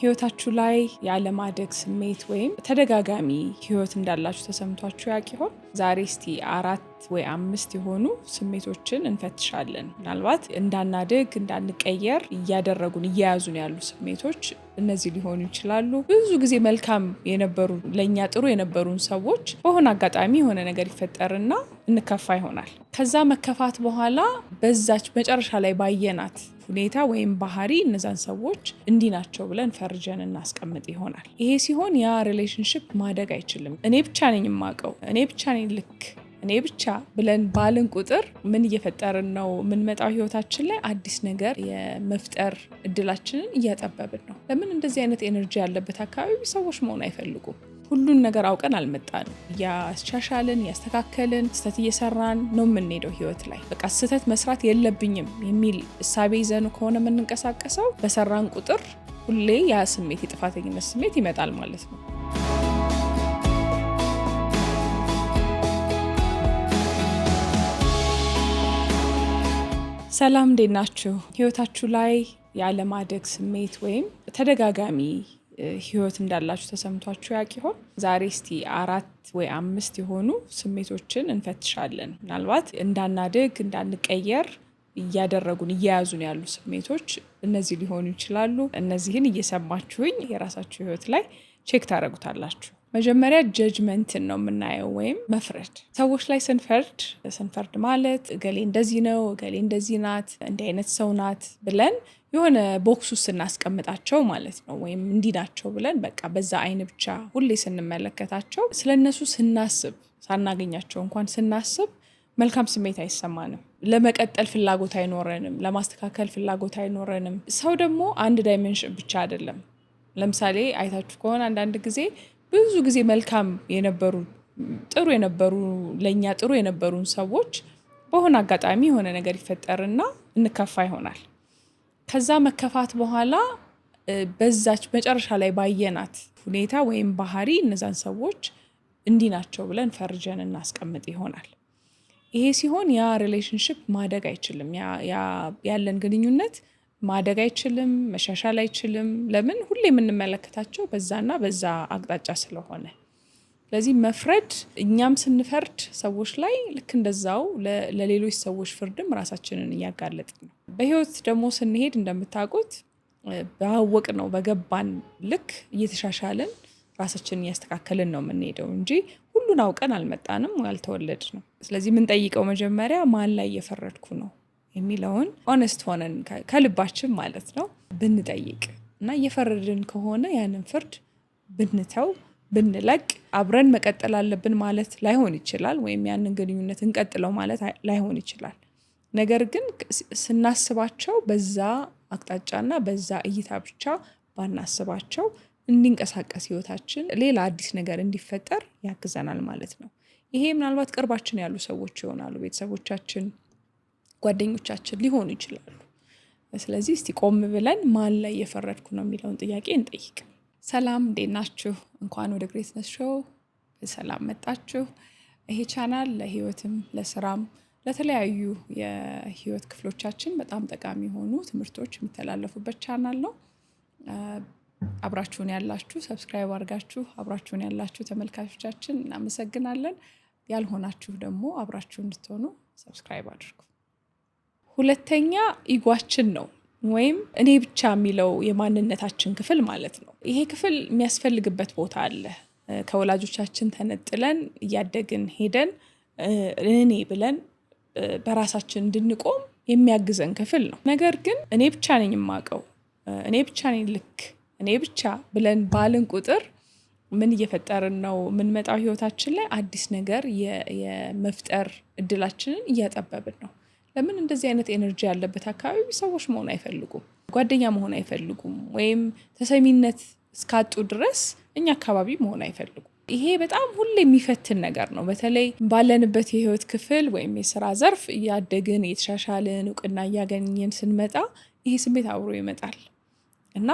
ህይወታችሁ ላይ የአለማደግ ስሜት ወይም ተደጋጋሚ ህይወት እንዳላችሁ ተሰምቷችሁ ያውቅ ይሆን? ዛሬ እስቲ አራት ወይ አምስት የሆኑ ስሜቶችን እንፈትሻለን። ምናልባት እንዳናድግ እንዳንቀየር እያደረጉን እየያዙን ያሉ ስሜቶች እነዚህ ሊሆኑ ይችላሉ። ብዙ ጊዜ መልካም የነበሩ ለእኛ ጥሩ የነበሩን ሰዎች በሆነ አጋጣሚ የሆነ ነገር ይፈጠርና እንከፋ ይሆናል። ከዛ መከፋት በኋላ በዛች መጨረሻ ላይ ባየናት ሁኔታ ወይም ባህሪ እነዛን ሰዎች እንዲህ ናቸው ብለን ፈርጀን እናስቀምጥ ይሆናል። ይሄ ሲሆን ያ ሪሌሽንሽፕ ማደግ አይችልም። እኔ ብቻ ነኝ የማውቀው፣ እኔ ብቻ ነኝ ልክ እኔ ብቻ ብለን ባልን ቁጥር ምን እየፈጠርን ነው? የምንመጣው ህይወታችን ላይ አዲስ ነገር የመፍጠር እድላችንን እያጠበብን ነው። ለምን እንደዚህ አይነት ኤነርጂ ያለበት አካባቢ ሰዎች መሆን አይፈልጉም? ሁሉን ነገር አውቀን አልመጣንም። እያሻሻልን ያስተካከልን ስህተት እየሰራን ነው የምንሄደው ህይወት ላይ። በቃ ስህተት መስራት የለብኝም የሚል እሳቤ ይዘን ከሆነ የምንንቀሳቀሰው በሰራን ቁጥር ሁሌ ያ ስሜት የጥፋተኝነት ስሜት ይመጣል ማለት ነው። ሰላም እንዴት ናችሁ? ህይወታችሁ ላይ ያለማደግ ስሜት ወይም ተደጋጋሚ ህይወት እንዳላችሁ ተሰምቷችሁ ያውቅ ይሆን? ዛሬ እስቲ አራት ወይ አምስት የሆኑ ስሜቶችን እንፈትሻለን። ምናልባት እንዳናድግ እንዳንቀየር እያደረጉን እየያዙን ያሉ ስሜቶች እነዚህ ሊሆኑ ይችላሉ። እነዚህን እየሰማችሁኝ የራሳችሁ ህይወት ላይ ቼክ ታደረጉታላችሁ። መጀመሪያ ጀጅመንትን ነው የምናየው ወይም መፍረድ። ሰዎች ላይ ስንፈርድ ስንፈርድ ማለት እገሌ እንደዚህ ነው፣ እገሌ እንደዚህ ናት፣ እንዲህ አይነት ሰው ናት ብለን የሆነ ቦክሱ ስናስቀምጣቸው ማለት ነው። ወይም እንዲህ ናቸው ብለን በቃ በዛ አይን ብቻ ሁሌ ስንመለከታቸው ስለ እነሱ ስናስብ ሳናገኛቸው እንኳን ስናስብ መልካም ስሜት አይሰማንም። ለመቀጠል ፍላጎት አይኖረንም። ለማስተካከል ፍላጎት አይኖረንም። ሰው ደግሞ አንድ ዳይመንሽን ብቻ አይደለም። ለምሳሌ አይታችሁ ከሆነ አንዳንድ ጊዜ ብዙ ጊዜ መልካም የነበሩ ጥሩ የነበሩ ለእኛ ጥሩ የነበሩን ሰዎች በሆነ አጋጣሚ የሆነ ነገር ይፈጠርና እንከፋ ይሆናል። ከዛ መከፋት በኋላ በዛች መጨረሻ ላይ ባየናት ሁኔታ ወይም ባህሪ እነዛን ሰዎች እንዲህ ናቸው ብለን ፈርጀን እናስቀምጥ ይሆናል። ይሄ ሲሆን ያ ሪሌሽንሽፕ ማደግ አይችልም። ያለን ግንኙነት ማደግ አይችልም፣ መሻሻል አይችልም። ለምን ሁሌ የምንመለከታቸው በዛና በዛ አቅጣጫ ስለሆነ ስለዚህ መፍረድ እኛም ስንፈርድ ሰዎች ላይ ልክ እንደዛው ለሌሎች ሰዎች ፍርድም ራሳችንን እያጋለጥን ነው። በህይወት ደግሞ ስንሄድ እንደምታውቁት ባወቅ ነው በገባን ልክ እየተሻሻልን ራሳችንን እያስተካከልን ነው የምንሄደው እንጂ ሁሉን አውቀን አልመጣንም፣ አልተወለድ ነው። ስለዚህ የምንጠይቀው መጀመሪያ ማን ላይ እየፈረድኩ ነው የሚለውን ኦነስት ሆነን ከልባችን ማለት ነው ብንጠይቅ እና እየፈረድን ከሆነ ያንን ፍርድ ብንተው ብንለቅ አብረን መቀጠል አለብን ማለት ላይሆን ይችላል፣ ወይም ያንን ግንኙነት እንቀጥለው ማለት ላይሆን ይችላል። ነገር ግን ስናስባቸው በዛ አቅጣጫና በዛ እይታ ብቻ ባናስባቸው እንዲንቀሳቀስ ህይወታችን ሌላ አዲስ ነገር እንዲፈጠር ያግዘናል ማለት ነው። ይሄ ምናልባት ቅርባችን ያሉ ሰዎች ይሆናሉ፣ ቤተሰቦቻችን ጓደኞቻችን ሊሆኑ ይችላሉ። ስለዚህ እስቲ ቆም ብለን ማን ላይ እየፈረድኩ ነው የሚለውን ጥያቄ እንጠይቅ። ሰላም እንዴት ናችሁ? እንኳን ወደ ግሬትነስ ሾው በሰላም መጣችሁ። ይሄ ቻናል ለህይወትም ለስራም ለተለያዩ የህይወት ክፍሎቻችን በጣም ጠቃሚ የሆኑ ትምህርቶች የሚተላለፉበት ቻናል ነው። አብራችሁን ያላችሁ ሰብስክራይብ አድርጋችሁ አብራችሁን ያላችሁ ተመልካቾቻችን እናመሰግናለን። ያልሆናችሁ ደግሞ አብራችሁ እንድትሆኑ ሰብስክራይብ አድርጉ። ሁለተኛ ኢጓችን ነው ወይም እኔ ብቻ የሚለው የማንነታችን ክፍል ማለት ነው። ይሄ ክፍል የሚያስፈልግበት ቦታ አለ። ከወላጆቻችን ተነጥለን እያደግን ሄደን እኔ ብለን በራሳችን እንድንቆም የሚያግዘን ክፍል ነው። ነገር ግን እኔ ብቻ ነኝ የማውቀው፣ እኔ ብቻ ነኝ ልክ፣ እኔ ብቻ ብለን ባልን ቁጥር ምን እየፈጠርን ነው? የምንመጣው ህይወታችን ላይ አዲስ ነገር የመፍጠር እድላችንን እያጠበብን ነው። ለምን እንደዚህ አይነት ኤነርጂ ያለበት አካባቢ ሰዎች መሆን አይፈልጉም፣ ጓደኛ መሆን አይፈልጉም፣ ወይም ተሰሚነት እስካጡ ድረስ እኛ አካባቢ መሆን አይፈልጉም። ይሄ በጣም ሁሌ የሚፈትን ነገር ነው። በተለይ ባለንበት የህይወት ክፍል ወይም የስራ ዘርፍ እያደግን እየተሻሻልን እውቅና እያገኘን ስንመጣ ይሄ ስሜት አብሮ ይመጣል እና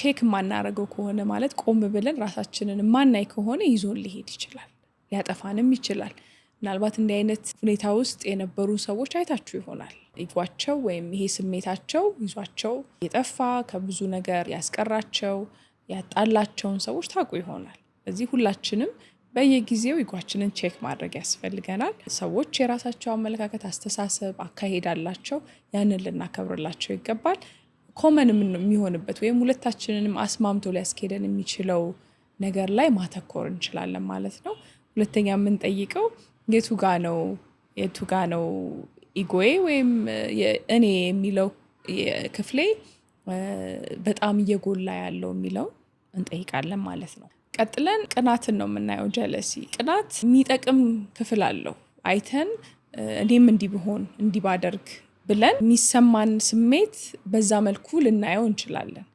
ቼክ የማናረገው ከሆነ ማለት ቆም ብለን ራሳችንን የማናይ ከሆነ ይዞን ሊሄድ ይችላል፣ ሊያጠፋንም ይችላል። ምናልባት እንዲህ አይነት ሁኔታ ውስጥ የነበሩ ሰዎች አይታችሁ ይሆናል። ኢጓቸው ወይም ይሄ ስሜታቸው ይዟቸው የጠፋ ከብዙ ነገር ያስቀራቸው ያጣላቸውን ሰዎች ታውቁ ይሆናል። እዚህ ሁላችንም በየጊዜው ይጓችንን ቼክ ማድረግ ያስፈልገናል። ሰዎች የራሳቸው አመለካከት፣ አስተሳሰብ፣ አካሄድ አላቸው። ያንን ልናከብርላቸው ይገባል። ኮመን የሚሆንበት ወይም ሁለታችንንም አስማምቶ ሊያስኬደን የሚችለው ነገር ላይ ማተኮር እንችላለን ማለት ነው። ሁለተኛ የምንጠይቀው የቱ ጋ ነው የቱ ጋ ነው ኢጎዬ ወይም እኔ የሚለው ክፍሌ በጣም እየጎላ ያለው የሚለው እንጠይቃለን ማለት ነው። ቀጥለን ቅናትን ነው የምናየው። ጀለሲ ቅናት የሚጠቅም ክፍል አለው። አይተን እኔም እንዲህ ብሆን እንዲህ ባደርግ ብለን የሚሰማን ስሜት በዛ መልኩ ልናየው እንችላለን።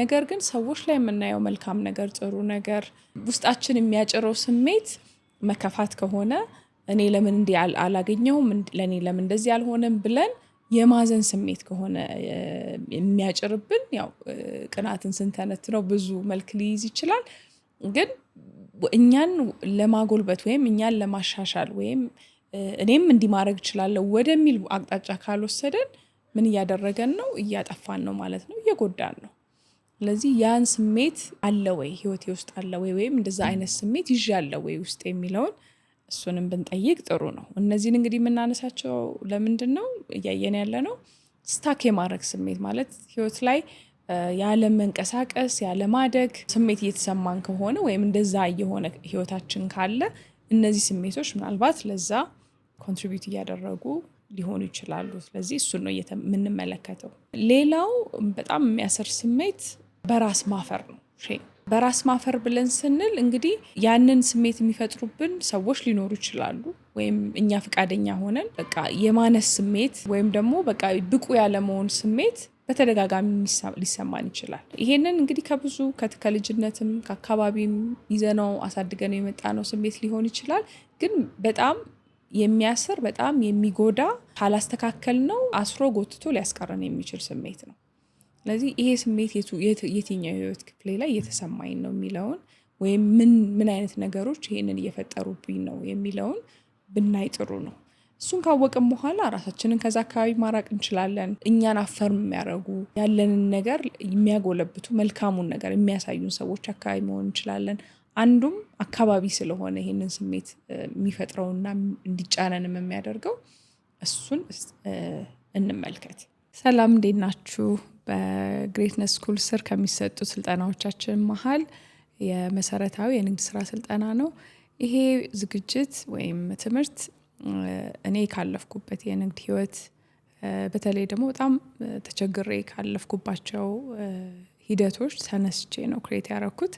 ነገር ግን ሰዎች ላይ የምናየው መልካም ነገር፣ ጥሩ ነገር ውስጣችን የሚያጭረው ስሜት መከፋት ከሆነ እኔ ለምን እንዲህ አላገኘሁም፣ ለእኔ ለምን እንደዚህ አልሆነም ብለን የማዘን ስሜት ከሆነ የሚያጭርብን ያው ቅናትን ስንተነትነው ብዙ መልክ ሊይዝ ይችላል። ግን እኛን ለማጎልበት ወይም እኛን ለማሻሻል ወይም እኔም እንዲህ ማድረግ እችላለሁ ወደሚል አቅጣጫ ካልወሰደን ምን እያደረገን ነው? እያጠፋን ነው ማለት ነው፣ እየጎዳን ነው። ስለዚህ ያን ስሜት አለ ወይ ህይወቴ ውስጥ አለ ወይ ወይም እንደዛ አይነት ስሜት ይዤ አለ ወይ ውስጥ የሚለውን እሱንም ብንጠይቅ ጥሩ ነው። እነዚህን እንግዲህ የምናነሳቸው ለምንድን ነው እያየን ያለ ነው ስታክ የማድረግ ስሜት ማለት ህይወት ላይ ያለ መንቀሳቀስ ያለ ማደግ ስሜት እየተሰማን ከሆነ ወይም እንደዛ እየሆነ ህይወታችን ካለ እነዚህ ስሜቶች ምናልባት ለዛ ኮንትሪቢዩት እያደረጉ ሊሆኑ ይችላሉ። ስለዚህ እሱን ነው የምንመለከተው። ሌላው በጣም የሚያስር ስሜት በራስ ማፈር ነው ሼም በራስ ማፈር ብለን ስንል እንግዲህ ያንን ስሜት የሚፈጥሩብን ሰዎች ሊኖሩ ይችላሉ። ወይም እኛ ፈቃደኛ ሆነን በቃ የማነስ ስሜት ወይም ደግሞ በቃ ብቁ ያለመሆን ስሜት በተደጋጋሚ ሊሰማን ይችላል። ይሄንን እንግዲህ ከብዙ ከልጅነትም ከአካባቢም ይዘነው አሳድገነው የመጣነው ስሜት ሊሆን ይችላል። ግን በጣም የሚያስር በጣም የሚጎዳ ካላስተካከል ነው አስሮ ጎትቶ ሊያስቀረን የሚችል ስሜት ነው። ስለዚህ ይሄ ስሜት የትኛው የህይወት ክፍሌ ላይ እየተሰማኝ ነው የሚለውን ወይም ምን ምን አይነት ነገሮች ይሄንን እየፈጠሩብኝ ነው የሚለውን ብናይ ጥሩ ነው። እሱን ካወቅም በኋላ ራሳችንን ከዛ አካባቢ ማራቅ እንችላለን። እኛን አፈርም የሚያደርጉ ያለንን ነገር የሚያጎለብቱ መልካሙን ነገር የሚያሳዩን ሰዎች አካባቢ መሆን እንችላለን። አንዱም አካባቢ ስለሆነ ይህንን ስሜት የሚፈጥረውና እንዲጫነንም የሚያደርገው እሱን እንመልከት። ሰላም እንዴት ናችሁ? በግሬትነስ ስኩል ስር ከሚሰጡ ስልጠናዎቻችን መሀል የመሰረታዊ የንግድ ስራ ስልጠና ነው። ይሄ ዝግጅት ወይም ትምህርት እኔ ካለፍኩበት የንግድ ህይወት በተለይ ደግሞ በጣም ተቸግሬ ካለፍኩባቸው ሂደቶች ተነስቼ ነው ክሬት ያደረኩት።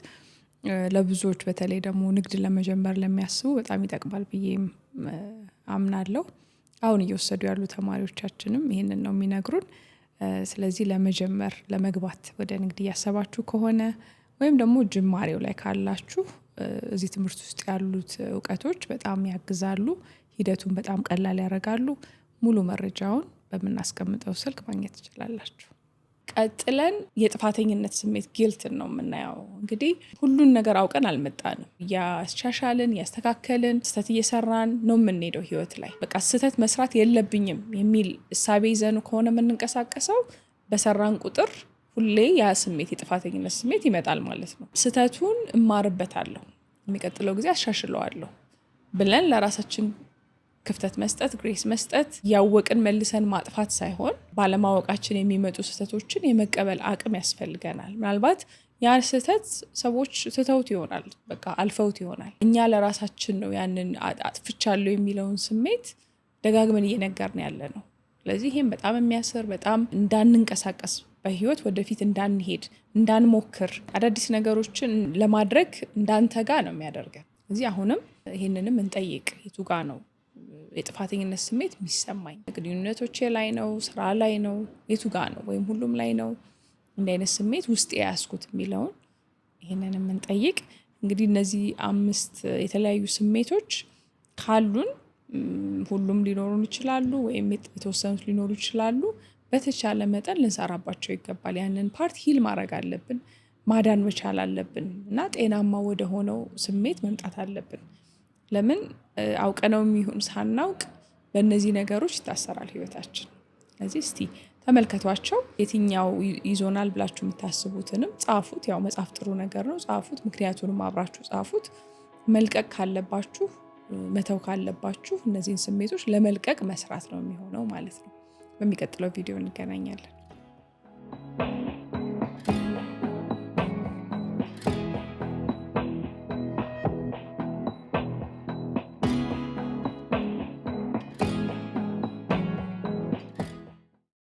ለብዙዎች በተለይ ደግሞ ንግድ ለመጀመር ለሚያስቡ በጣም ይጠቅማል ብዬም አምናለሁ። አሁን እየወሰዱ ያሉ ተማሪዎቻችንም ይህንን ነው የሚነግሩን ስለዚህ ለመጀመር ለመግባት ወደ ንግድ እያሰባችሁ ከሆነ ወይም ደግሞ ጅማሬው ላይ ካላችሁ እዚህ ትምህርት ውስጥ ያሉት እውቀቶች በጣም ያግዛሉ፣ ሂደቱን በጣም ቀላል ያደርጋሉ። ሙሉ መረጃውን በምናስቀምጠው ስልክ ማግኘት ትችላላችሁ። ቀጥለን የጥፋተኝነት ስሜት ጊልትን ነው የምናየው። እንግዲህ ሁሉን ነገር አውቀን አልመጣንም። እያስቻሻልን እያስተካከልን ስህተት እየሰራን ነው የምንሄደው ህይወት ላይ። በቃ ስህተት መስራት የለብኝም የሚል እሳቤ ይዘኑ ከሆነ የምንንቀሳቀሰው በሰራን ቁጥር ሁሌ ያ ስሜት የጥፋተኝነት ስሜት ይመጣል ማለት ነው። ስህተቱን እማርበታለሁ፣ የሚቀጥለው ጊዜ አሻሽለዋለሁ ብለን ለራሳችን ክፍተት መስጠት፣ ግሬስ መስጠት ያወቅን መልሰን ማጥፋት ሳይሆን ባለማወቃችን የሚመጡ ስህተቶችን የመቀበል አቅም ያስፈልገናል። ምናልባት ያን ስህተት ሰዎች ትተውት ይሆናል፣ በቃ አልፈውት ይሆናል። እኛ ለራሳችን ነው ያንን አጥፍቻለሁ የሚለውን ስሜት ደጋግመን እየነገርን ያለ ነው። ስለዚህ ይህም በጣም የሚያስር በጣም እንዳንንቀሳቀስ በህይወት ወደፊት እንዳንሄድ እንዳንሞክር አዳዲስ ነገሮችን ለማድረግ እንዳንተጋ ነው የሚያደርገን። እዚህ አሁንም ይህንንም እንጠይቅ የቱጋ ጋ ነው የጥፋተኝነት ስሜት የሚሰማኝ ግንኙነቶቼ ላይ ነው፣ ስራ ላይ ነው፣ የቱ ጋ ነው ወይም ሁሉም ላይ ነው እንዲህ አይነት ስሜት ውስጥ የያዝኩት የሚለውን ይህንን የምንጠይቅ እንግዲህ እነዚህ አምስት የተለያዩ ስሜቶች ካሉን ሁሉም ሊኖሩን ይችላሉ ወይም የተወሰኑት ሊኖሩ ይችላሉ። በተቻለ መጠን ልንሰራባቸው ይገባል። ያንን ፓርት ሂል ማድረግ አለብን፣ ማዳን መቻል አለብን እና ጤናማ ወደ ሆነው ስሜት መምጣት አለብን። ለምን አውቀነው የሚሆን ሳናውቅ በእነዚህ ነገሮች ይታሰራል ህይወታችን። ስለዚህ እስቲ ተመልከቷቸው። የትኛው ይዞናል ብላችሁ የምታስቡትንም ጻፉት። ያው መጻፍ ጥሩ ነገር ነው፣ ጻፉት። ምክንያቱንም አብራችሁ ጻፉት። መልቀቅ ካለባችሁ መተው ካለባችሁ እነዚህን ስሜቶች ለመልቀቅ መስራት ነው የሚሆነው ማለት ነው። በሚቀጥለው ቪዲዮ እንገናኛለን።